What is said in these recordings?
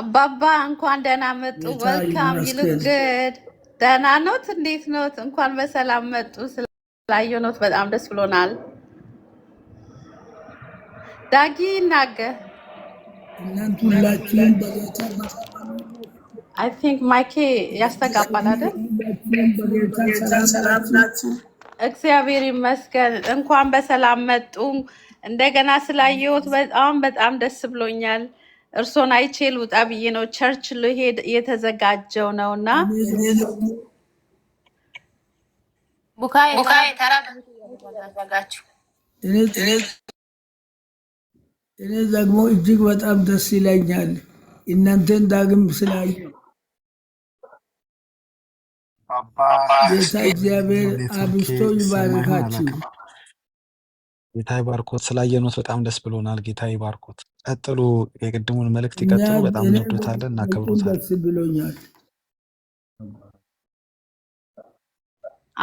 አባባ እንኳን ደህና መጡ። ወልካም ይልግድ ደህና ኖት? እንዴት ኖት? እንኳን በሰላም መጡ። ስላየ ኖት በጣም ደስ ብሎናል። ዳጊ ናገ እናንተ አይ ቲንክ ማይኬ ያስተጋባል አይደል? እግዚአብሔር ይመስገን። እንኳን በሰላም መጡ። እንደገና ስላየሁት በጣም በጣም ደስ ብሎኛል። እርሶን አይቼ ልውጣ ብዬ ነው። ቸርች ልሄድ እየተዘጋጀው ነው እና እኔ ደግሞ እጅግ በጣም ደስ ይለኛል እናንተን ዳግም ስላዩ ጌታ እግዚአብሔር አብስቶ ይባርካችሁ። ጌታ ይባርኮት። ስላየኖት በጣም ደስ ብሎናል። ጌታ ይባርኮት። ቀጥሉ፣ የቅድሙን መልእክት ይቀጥሉ። በጣም እንወዶታለን፣ እናከብሮታለን። ብሎኛል።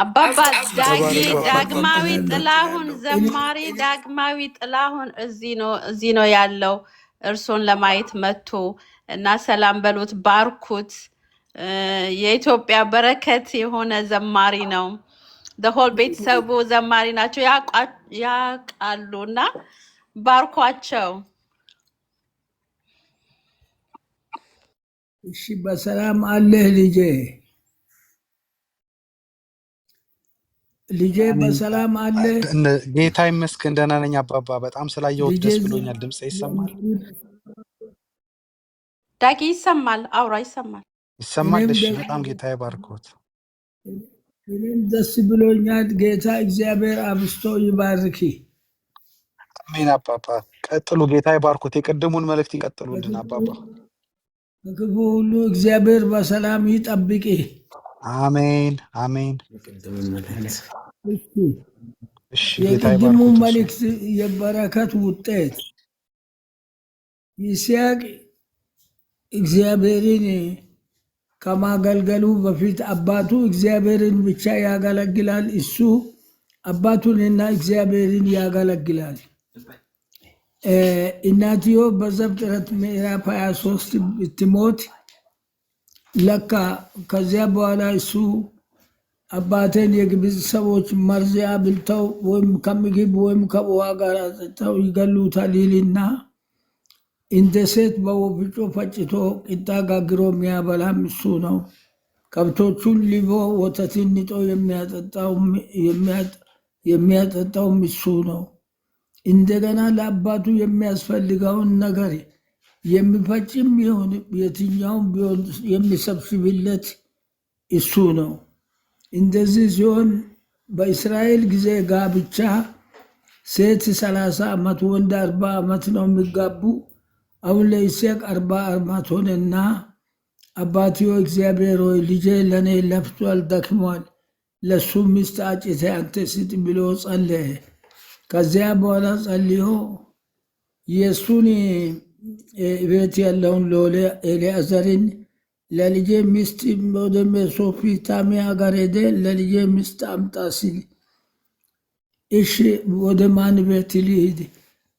አባባ ዳጊ ዳግማዊ ጥላሁን ዘማሪ ዳግማዊ ጥላሁን እዚህ ነው እዚህ ነው ያለው። እርሶን ለማየት መጥቶ እና ሰላም በሉት፣ ባርኩት። የኢትዮጵያ በረከት የሆነ ዘማሪ ነው። ሆል ቤተሰቡ ዘማሪ ናቸው ያውቃሉ እና ባርኳቸው። እሺ በሰላም አለህ ልጄ? ልጄ በሰላም አለህ? ጌታ ይመስገን ደህና ነኝ አባባ። በጣም ስላየሁት ደስ ብሎኛል። ድምፅ ይሰማል? ዳጊ ይሰማል? አውራ ይሰማል? ይሰማል። እሺ በጣም ጌታ ይባርኮት። እኔም ደስ ብሎኛል። ጌታ እግዚአብሔር አብስቶ ይባርኪ። አሜን። አባባ ቀጥሉ፣ ጌታ ይባርኩት። የቅድሙን መልእክት ይቀጥሉልን አባባ። ከክፉ ሁሉ እግዚአብሔር በሰላም ይጠብቂ። አሜን፣ አሜን። የቅድሙ መልእክት የበረከት ውጤት ይስያቅ እግዚአብሔርን ከማገልገሉ በፊት አባቱ እግዚአብሔርን ብቻ ያገለግላል። እሱ አባቱንና እግዚአብሔርን ያገለግላል። እናትዮ በዘፍጥረት ምዕራፍ 23 ብትሞት ለካ ከዚያ በኋላ እሱ አባቴን የግብፅ ሰዎች መርዚያ ብልተው ወይም ከምግብ ወይም ከውሃ ጋር አጠጥተው ይገሉታል ይልና እንደ ሴት በወፍጮ ፈጭቶ ቂጣ ጋግሮ የሚያበላም እሱ ነው። ከብቶቹን ሊቦ ወተትን ንጦ የሚያጠጣውም እሱ ነው። እንደገና ለአባቱ የሚያስፈልገውን ነገር የሚፈጭም ቢሆን የትኛውም ቢሆን የሚሰብስብለት እሱ ነው። እንደዚህ ሲሆን በእስራኤል ጊዜ ጋብቻ ሴት ሰላሳ ዓመት ወንድ አርባ ዓመት ነው የሚጋቡ። አሁን ለይስሐቅ አርባ ዓመት ሆነና አባትዮ እግዚአብሔር ሆይ ልጄ ለእኔ ለፍቷል፣ ደክሟል፣ ለሱ ሚስት አጭተ አንተ ስጥ ብሎ ጸለየ። ከዚያ በኋላ ጸልዮ የእሱን ቤት ያለውን ሎሌ ኤልያዘርን ለልጄ ሚስት ወደ ሜሶፖታሚያ ጋር ሄደ ለልጄ ሚስት አምጣ ሲል እሺ ወደ ማን ቤት ልሂድ?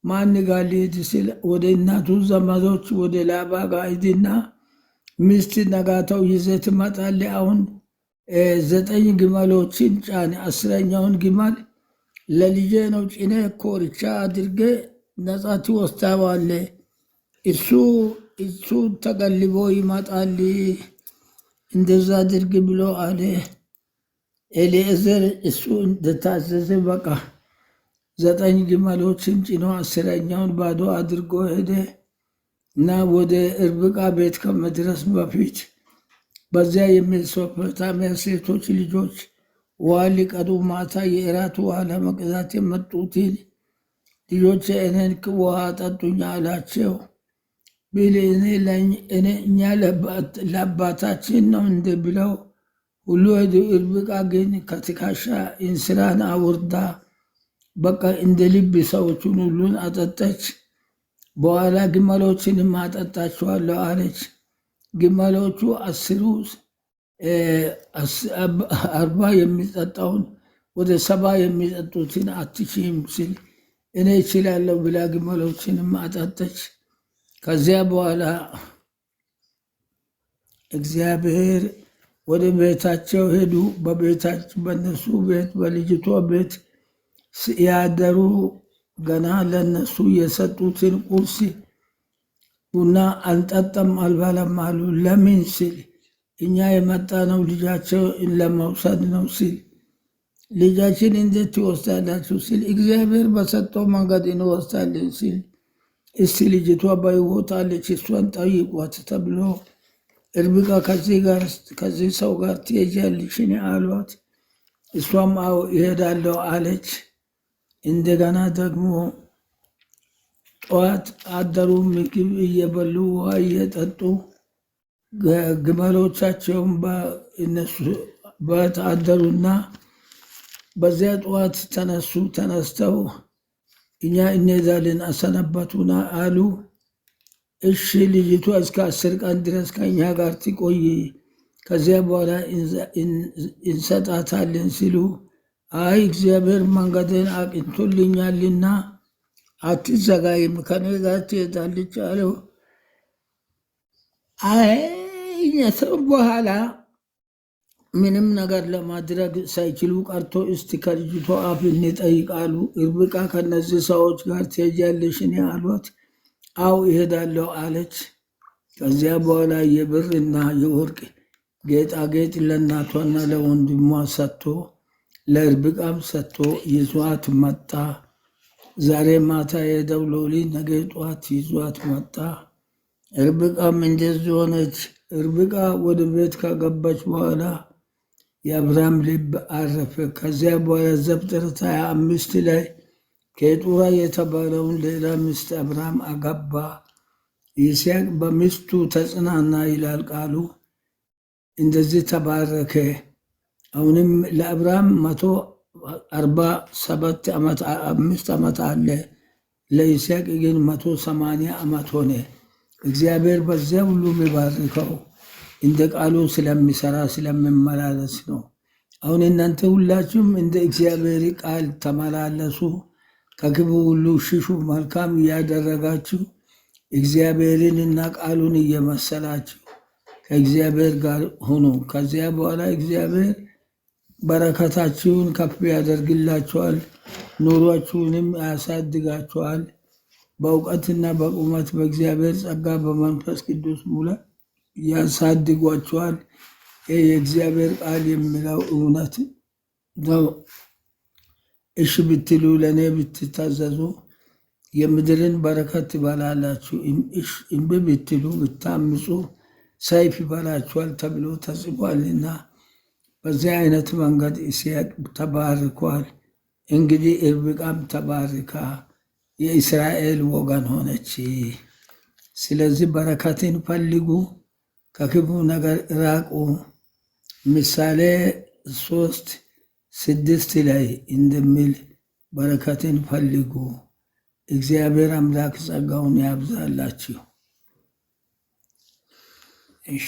ማን ጋር ልሂድ ሲል ወደ እናቱ ዘመዶች ወደ ላባ ጋር ሂድና ሚስት ነጋተው ይዘህ ትመጣለህ። አሁን ዘጠኝ ግመሎችን ጫን፣ አስረኛውን ግመል ለልጄ ነው ጭነ ኮርቻ አድርጌ ነጻ ትወስደዋለህ። እሱ እሱ ተገልቦ ይመጣል፣ እንደዛ አድርግ ብሎ አለ ኤሊዕዘር። እሱ እንደታዘዘ በቃ ዘጠኝ ግመሎችን ጭኖ አስረኛውን ባዶ አድርጎ ሄደ እና ወደ እርብቃ ቤት ከመድረስ በፊት በዚያ የሜሶፖታሚያ ሴቶች ልጆች ውሃ ሊቀዱ ማታ የእራት ውሃ ለመቅዳት የመጡትን ልጆች እኔን ውሃ ጠጡኝ አላቸው ቢል እኛ ለአባታችን ነው እንደ ብለው ሁሉ ሄዱ። እርብቃ ግን ከትከሻ እንስራን አውርዳ በቃ እንደ ልብ ሰዎቹን ሁሉን አጠጣች። በኋላ ግመሎችንም አጠጣችኋለሁ አለች። ግመሎቹ አስሩ አርባ የሚጠጣውን ወደ ሰባ የሚጠጡትን አትችም ሲል እኔ እችላለሁ ብላ ግመሎችንም አጠጠች። ከዚያ በኋላ እግዚአብሔር ወደ ቤታቸው ሄዱ። በቤታቸው በነሱ ቤት በልጅቷ ቤት ሲያደሩ ገና ለነሱ የሰጡትን ቁርስ ቡና አልጠጠም አልባለም አሉ። ለምን ሲል እኛ የመጣ ነው ልጃቸው ለመውሰድ ነው ሲል ልጃችን እንዴት ትወስዳላችሁ ሲል እግዚአብሔር በሰጠው መንገድ እንወስዳለን ሲል እስቲ ልጅቷ በሕይወት አለች እሷን ጠይቋት ተብሎ እርብቃ ከዚህ ሰው ጋር ትሄጃለሽን አሏት። እሷም አዎ እሄዳለሁ አለች። እንደገና ደግሞ ጠዋት አደሩ ምግብ እየበሉ ውሃ እየጠጡ ግመሎቻቸውን በታደሩና በዚያ ጠዋት ተነሱ። ተነስተው እኛ እንሄዳለን አሰነበቱና አሉ። እሺ ልጅቱ እስከ አስር ቀን ድረስ ከኛ ጋር ትቆይ፣ ከዚያ በኋላ እንሰጣታለን ሲሉ አይ እግዚአብሔር መንገድን አቅንቶልኛልና አትዘጋይም፣ ከኔ ጋር ትሄዳለች አለው። አይነትም በኋላ ምንም ነገር ለማድረግ ሳይችሉ ቀርቶ እስቲ ከልጅቷ አፍ እንጠይቃሉ። እርብቃ ከነዚህ ሰዎች ጋር ትሄጃለሽን አሏት። አው ይሄዳለሁ አለች። ከዚያ በኋላ የብርና የወርቅ ጌጣጌጥ ለእናቷና ለወንድሟ ሰጥቶ ለእርብቃም ሰጥቶ ይዟት መጣ። ዛሬ ማታ የሄደው ሎሊት ነገ ጠዋት ይዟት መጣ። እርብቃም እንደዚህ ሆነች። እርብቃ ወደ ቤት ካገባች በኋላ የአብርሃም ልብ አረፈ። ከዚያ በኋላ ዘፍጥረት ሃያ አምስት ላይ ከጡራ የተባለውን ሌላ ሚስት አብርሃም አገባ። ይስሐቅ በሚስቱ ተጽናና ይላል ቃሉ። እንደዚህ ተባረከ። አሁንም ለአብርሃም መቶ አርባ ሰባት ዓመት አምስት ዓመት አለ። ለይስሐቅ ግን መቶ ሰማንያ ዓመት ሆነ። እግዚአብሔር በዚያ ሁሉ የሚባርከው እንደ ቃሉ ስለሚሰራ ስለሚመላለስ ነው። አሁን እናንተ ሁላችሁም እንደ እግዚአብሔር ቃል ተመላለሱ፣ ከክፉ ሁሉ ሽሹ፣ መልካም እያደረጋችሁ እግዚአብሔርን እና ቃሉን እየመሰላችሁ ከእግዚአብሔር ጋር ሆኖ ከዚያ በኋላ እግዚአብሔር በረከታችሁን ከፍ ያደርግላችኋል፣ ኑሯችሁንም ያሳድጋችኋል። በእውቀትና በቁመት በእግዚአብሔር ጸጋ በመንፈስ ቅዱስ ሙላ ያሳድጓችኋል። ይህ የእግዚአብሔር ቃል የሚለው እውነት ነው። እሺ ብትሉ ለእኔ ብትታዘዙ የምድርን በረከት ትበላላችሁ። እምቢ ብትሉ ብታምፁ ሰይፍ ይበላችኋል ተብሎ ተጽፏልና በዚህ አይነት መንገድ ሲሄድ ተባርኳል። እንግዲህ ርብቃም ተባርካ የእስራኤል ወገን ሆነች። ስለዚህ በረከትን ፈልጉ፣ ከክፉ ነገር ራቁ። ምሳሌ ሶስት ስድስት ላይ እንደሚል በረከትን ፈልጉ። እግዚአብሔር አምላክ ጸጋውን ያብዛላችሁ። እሺ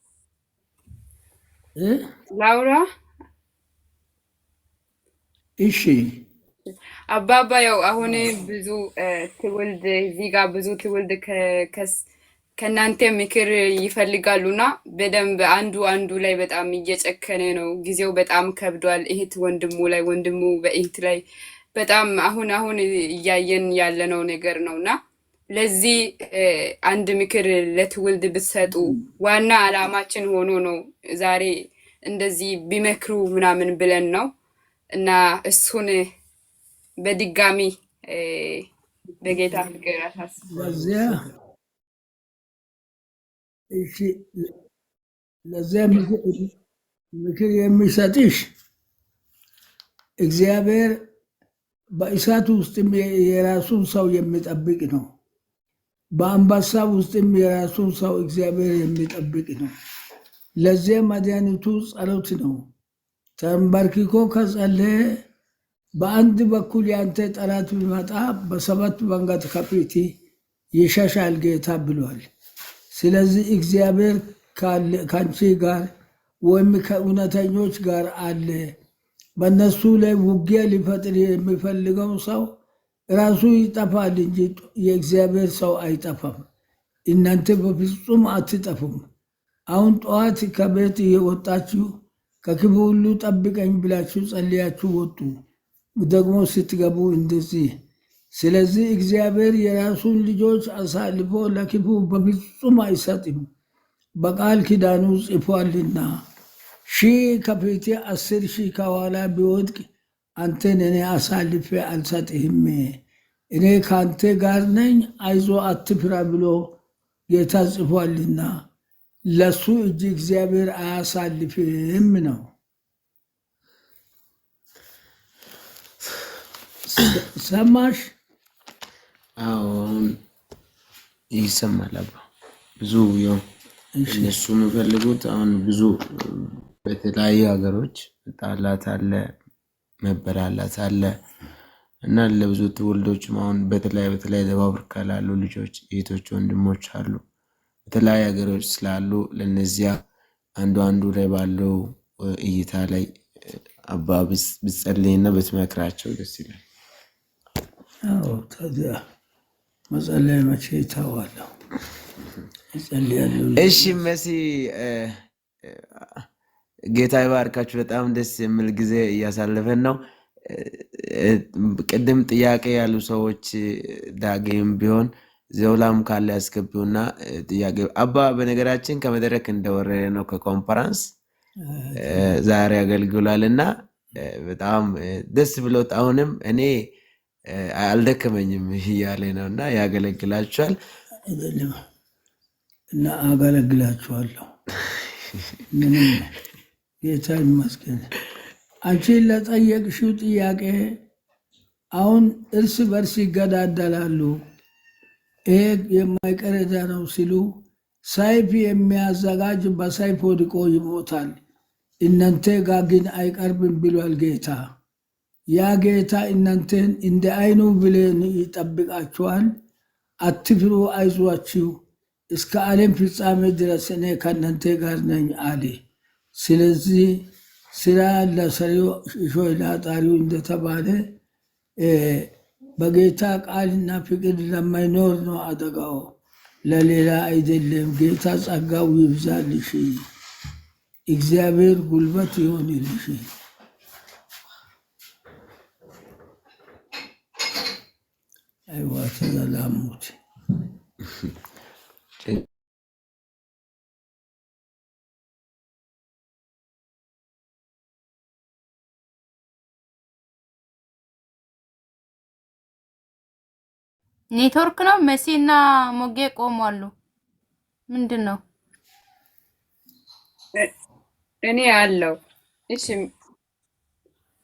ላውራ እሺ አባባ ያው አሁን ብዙ ትውልድ እዚህ ብዙ ትውልድ ከእናንተ ምክር ይፈልጋሉና በደንብ አንዱ አንዱ ላይ በጣም እየጨከነ ነው። ጊዜው በጣም ከብዷል። እህት ወንድሙ ላይ፣ ወንድሙ በእህት ላይ በጣም አሁን አሁን እያየን ያለነው ነገር ነውና ለዚህ አንድ ምክር ለትውልድ ብትሰጡ ዋና አላማችን ሆኖ ነው ዛሬ እንደዚህ ቢመክሩ ምናምን ብለን ነው እና እሱን በድጋሚ በጌታ ፍቅር እሺ፣ ለዚያ ምክር የሚሰጥሽ እግዚአብሔር በእሳት ውስጥ የራሱን ሰው የሚጠብቅ ነው። በአንበሳ ውስጥም የራሱ ሰው እግዚአብሔር የሚጠብቅ ነው። ለዚያ መድኃኒቱ ጸሎት ነው። ተንበርክኮ ከጸለየ በአንድ በኩል ያንተ ጠላት ቢመጣ በሰባት መንገድ ከፊት ይሸሻል ጌታ ብሏል። ስለዚህ እግዚአብሔር ከአንቺ ጋር ወይም ከእውነተኞች ጋር አለ። በእነሱ ላይ ውጊያ ሊፈጥር የሚፈልገው ሰው ራሱ ይጠፋል እንጂ የእግዚአብሔር ሰው አይጠፋም። እናንተ በፍጹም አትጠፉም። አሁን ጠዋት ከቤት የወጣችሁ ከክፉ ሁሉ ጠብቀኝ ብላችሁ ጸልያችሁ ወጡ፣ ደግሞ ስትገቡ እንደዚህ። ስለዚህ እግዚአብሔር የራሱን ልጆች አሳልፎ ለክፉ በፍጹም አይሰጥም፣ በቃል ኪዳኑ ጽፏልና። ሺህ ከፊቴ አስር ሺህ ከኋላ ቢወድቅ አንተን እኔ አሳልፌ አልሰጥህም። እኔ ከአንተ ጋር ነኝ፣ አይዞ አትፍራ ብሎ ጌታ ጽፏልና ለሱ እጅ እግዚአብሔር አያሳልፍም ነው። ሰማሽ? አሁን ይሰማል። አባ ብዙ እነሱ የሚፈልጉት አሁን ብዙ በተለያዩ ሀገሮች መጣላት አለ፣ መበላላት አለ እና ለብዙ ትውልዶችም አሁን በተለያየ በተለያየ ደቡብ አፍሪካ ላሉ ልጆች እህቶች፣ ወንድሞች አሉ በተለያዩ ሀገሮች ስላሉ ለነዚያ አንዱ አንዱ ላይ ባለው እይታ ላይ አባ ብትጸልይና ብትመክራቸው ደስ ይላል። አዎ ታዲያ መጸለይ መቼ ይታዋለሁ። እሺ መሲ ጌታ ይባርካችሁ። በጣም ደስ የሚል ጊዜ እያሳለፈን ነው። ቅድም ጥያቄ ያሉ ሰዎች ዳግም ቢሆን ዘውላም ካለ ያስገቢውና ጥያቄ አባ በነገራችን ከመድረክ እንደወረደ ነው ከኮንፈረንስ ዛሬ አገልግሏል እና በጣም ደስ ብሎት አሁንም እኔ አልደከመኝም እያለ ነው እና ያገለግላችኋል እና አገለግላችኋለሁ ምንም ጌታ ይመስገን አንቺን ለጠየቅሽው ጥያቄ አሁን እርስ በርስ ይገዳደላሉ። ይሄ የማይቀረዳ ነው ሲሉ ሰይፍ የሚያዘጋጅ በሰይፍ ወድቆ ይሞታል። እናንተ ጋ ግን አይቀርብም ብሏል ጌታ። ያ ጌታ እናንተን እንደ አይኑ ብሌን ይጠብቃችኋል። አትፍሩ፣ አይዟችሁ እስከ ዓለም ፍጻሜ ድረስ እኔ ከእናንተ ጋር ነኝ አለ። ስለዚህ ስራ ለሰሪው ለአጣሪው እንደተባለ በጌታ ቃልና ፍቅር ለማይኖር ነው አደጋው፣ ለሌላ አይደለም። ጌታ ጸጋው ይብዛልሽ፣ እግዚአብሔር ጉልበት ይሆንልሽ። አይዋ ተዘላሙት ኔትወርክ ነው። መሲ እና ሞጌ ቆሟሉ። ምንድን ነው? እኔ አለው። እሺ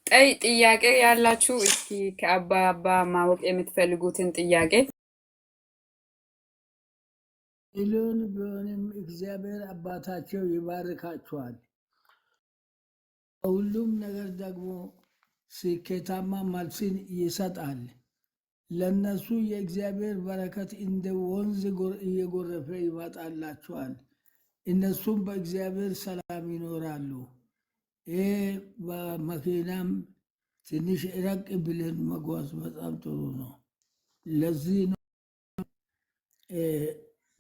ጠይ ጥያቄ ያላችሁ እስኪ ከአባ አባ ማወቅ የምትፈልጉትን ጥያቄ ይሉን ቢሆንም እግዚአብሔር አባታቸው ይባርካቸዋል። ሁሉም ነገር ደግሞ ስኬታማ መልስን ይሰጣል። ለእነሱ የእግዚአብሔር በረከት እንደ ወንዝ እየጎረፈ ይመጣላቸዋል። እነሱም በእግዚአብሔር ሰላም ይኖራሉ። ይህ በመኪናም ትንሽ ራቅ ብለን መጓዝ በጣም ጥሩ ነው። ለዚህ ነው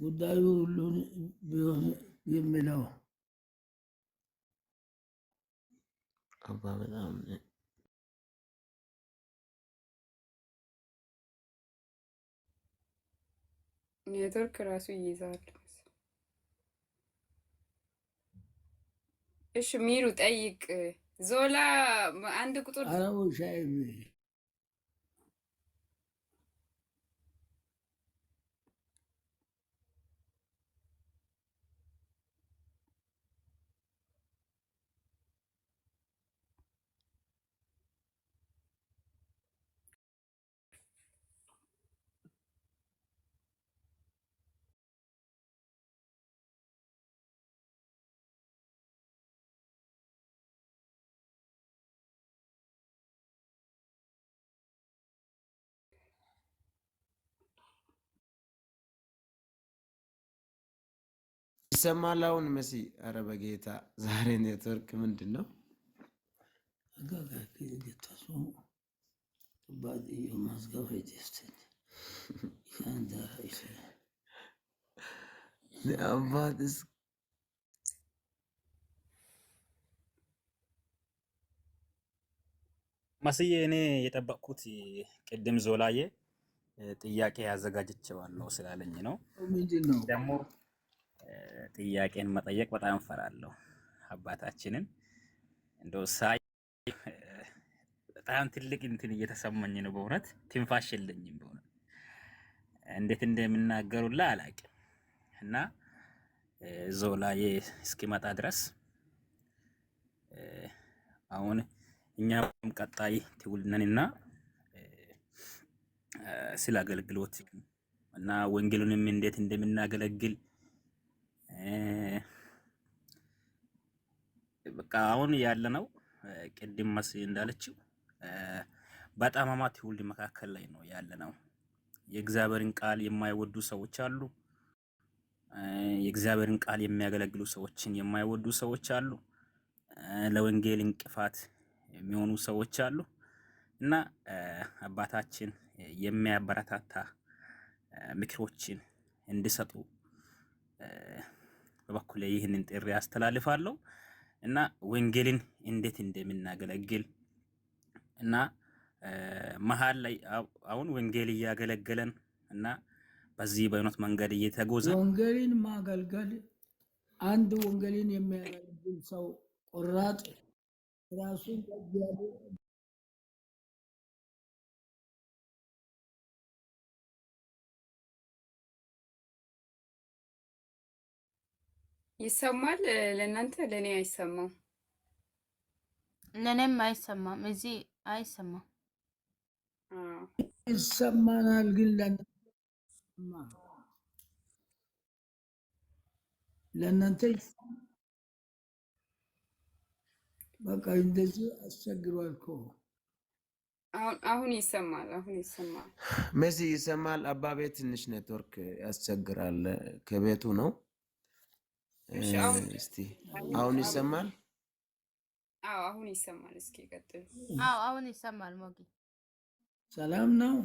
ጉዳዩ ሁሉን ቢሆን የሚለው አባ በጣም ኔትወርክ ራሱ ይይዛል። እሺ ሚሩ ጠይቅ ዞላ አንድ ቁጥር ይሰማል አሁን መሲ? አረ በጌታ ዛሬ ኔትወርክ ምንድን ነው? መስዬ እኔ የጠበቅኩት ቅድም ዞላዬ ጥያቄ ያዘጋጀችዋለሁ ስላለኝ ነው ደግሞ ጥያቄን መጠየቅ በጣም ፈራለሁ። አባታችንን እንደው ሳይ በጣም ትልቅ እንትን እየተሰማኝ ነው በእውነት ትንፋሽ የለኝም። በእውነት እንዴት እንደምናገሩላ አላቅም እና ዞላ እስኪመጣ ድረስ አሁን እኛም ቀጣይ ትውልድ ነንና ስለ አገልግሎት እና ወንጌሉንም እንዴት እንደምናገለግል በቃ አሁን ያለነው ቅድም መስ እንዳለችው በጠማማ ትውልድ መካከል ላይ ነው ነው። የእግዚአብሔርን ቃል የማይወዱ ሰዎች አሉ። የእግዚአብሔርን ቃል የሚያገለግሉ ሰዎችን የማይወዱ ሰዎች አሉ። ለወንጌል እንቅፋት የሚሆኑ ሰዎች አሉ እና አባታችን የሚያበረታታ ምክሮችን እንዲሰጡ በበኩሌ ይህንን ጥሪ አስተላልፋለሁ እና ወንጌልን እንዴት እንደምናገለግል እና መሀል ላይ አሁን ወንጌል እያገለገለን እና በዚህ በአይነት መንገድ እየተጎዘ ወንጌልን ማገልገል አንድ ወንጌልን የሚያገለግል ሰው ቆራጥ ራሱን ይሰማል ለእናንተ? ለእኔ አይሰማም፣ ለእኔም አይሰማም። እዚህ አይሰማም፣ ይሰማናል ግን ለእናንተ በቃ እንደዚህ አስቸግሯል እኮ አሁን ይሰማል። አሁን ይሰማል። መሲ ይሰማል። አባቤ ትንሽ ኔትወርክ ያስቸግራል። ከቤቱ ነው እስቲ አሁን ይሰማል? አዎ አሁን ይሰማል። እስኪ ቀጥል። አዎ አሁን ይሰማል። ሞጊ ሰላም ነው።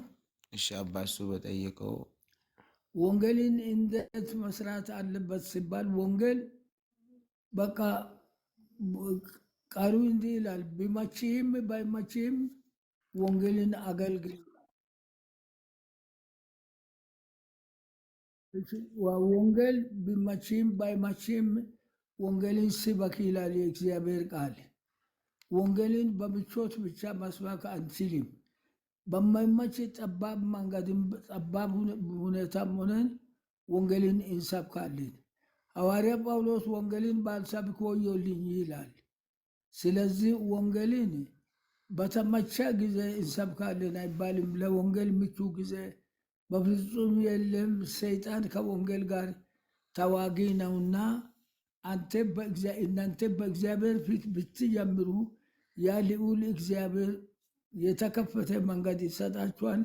እሺ አባሱ በጠየቀው ወንጌልን እንዴት መስራት አለበት ሲባል ወንጌል በቃ ቃሉ እንዲህ ይላል፣ ቢመችህም ባይመችህም ወንጌልን አገልግል ወንጌል ቢመችም ባይመችም ወንጌልን ስበክ ይላል የእግዚአብሔር ቃል። ወንጌልን በምቾት ብቻ መስበክ አንችልም። በማይመች ጠባብ መንገድም ጠባብ ሁኔታም ሆነን ወንጌልን እንሰብካለን። ሐዋርያ ጳውሎስ ወንጌልን ባልሰብክ ወዮልኝ ይላል። ስለዚህ ወንጌልን በተመቸ ጊዜ እንሰብካለን አይባልም። ለወንጌል ምቹ ጊዜ በፍጹም የለም። ሰይጣን ከወንጌል ጋር ተዋጊ ነውና እናንተ በእግዚአብሔር ፊት ብትጀምሩ ያ ልዑል እግዚአብሔር የተከፈተ መንገድ ይሰጣችኋል፣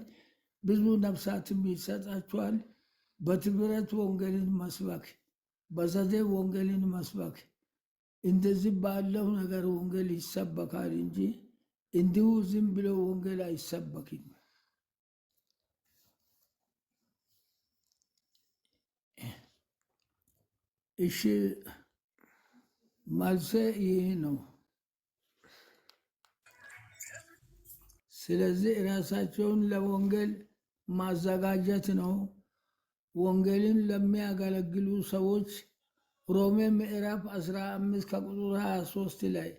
ብዙ ነፍሳትም ይሰጣችኋል። በትብረት ወንጌልን መስበክ፣ በዘዴ ወንጌልን መስበክ፣ እንደዚህ ባለው ነገር ወንጌል ይሰበካል እንጂ እንዲሁ ዝም ብሎ ወንጌል አይሰበክም። እሺ መልሴ ይህ ነው። ስለዚህ ራሳቸውን ለወንጌል ማዘጋጀት ነው። ወንጌልን ለሚያገለግሉ ሰዎች ሮሜ ምዕራፍ 15 ከቁጥር 23 ላይ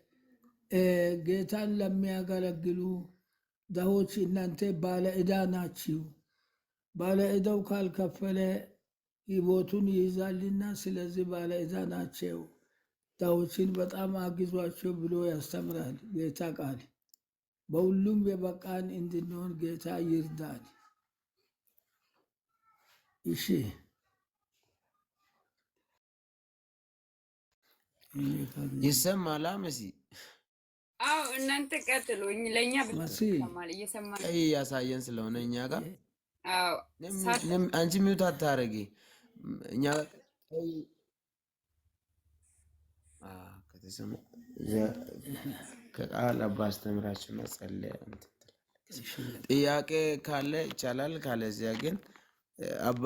ጌታን ለሚያገለግሉ ድሆች እናንተ ባለ ዕዳ ናችሁ፣ ባለ ዕዳው ካልከፈለ ሕይወቱን ይይዛልና ስለዚህ ባለዕዳ ናቸው። ዳዎችን በጣም አግዟቸው ብሎ ያስተምራል ጌታ ቃል። በሁሉም የበቃን እንድንሆን ጌታ ይርዳል። እሺ ይሰማል መሲ? አዎ እናንተ ቀጥሎ ለእኛ ቀይ ያሳየን ስለሆነ እኛ ጋር አንቺ ሚውት አታረጌ እኛ ከቃል አባ አስተምራችሁ መጸለይ ጥያቄ ካለ ይቻላል። ካለዚያ ግን አባ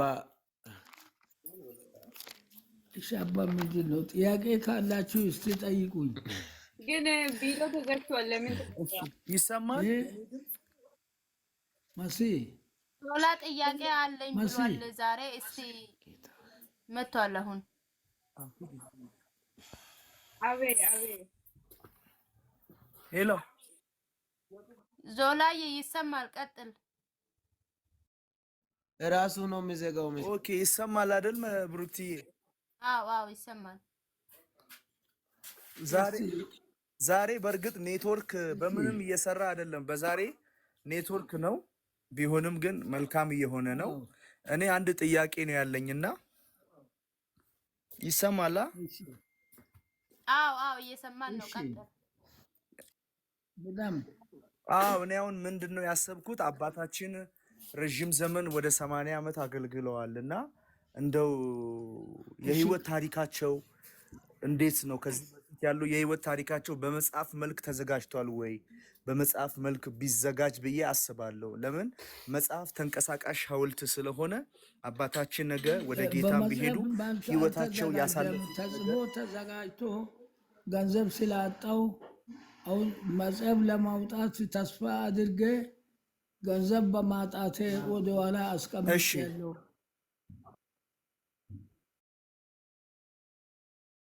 እሺ፣ አባ ምንድን ነው ጥያቄ ካላችሁ እስቲ ጠይቁኝ። ግን ቢሮ ተዘግቷል። ለምን ይሰማል? መሲ ቶላ ጥያቄ አለኝ ብሏል ዛሬ። እስቲ መጥቷል አሁን። አቤት አቤት። ሄሎ ዞላዬ ይሰማል። ቀጥል። ራሱ ነው የሚዘጋው። ኦኬ ይሰማል አይደል? ብሩክትዬ አዎ፣ አዎ ይሰማል። ዛሬ ዛሬ በእርግጥ ኔትወርክ በምንም እየሰራ አይደለም። በዛሬ ኔትወርክ ነው ቢሆንም ግን መልካም እየሆነ ነው። እኔ አንድ ጥያቄ ነው ያለኝና ይሰማላ? አዎ፣ አዎ እየሰማን ነው። አዎ እኔ አሁን ምንድን ነው ያሰብኩት አባታችን ረዥም ዘመን ወደ ሰማንያ ዓመት አገልግለዋል እና እንደው የህይወት ታሪካቸው እንዴት ነው? ከዚህ በፊት ያለው የህይወት ታሪካቸው በመጽሐፍ መልክ ተዘጋጅቷል ወይ? በመጽሐፍ መልክ ቢዘጋጅ ብዬ አስባለሁ። ለምን መጽሐፍ ተንቀሳቃሽ ሐውልት ስለሆነ አባታችን ነገ ወደ ጌታ ቢሄዱ ህይወታቸው ያሳልፍ ተዘጋጅቶ ገንዘብ ስላጣው አሁን መጽሐፍ ለማውጣት ተስፋ አድርገ ገንዘብ በማጣቴ ወደኋላ ያለው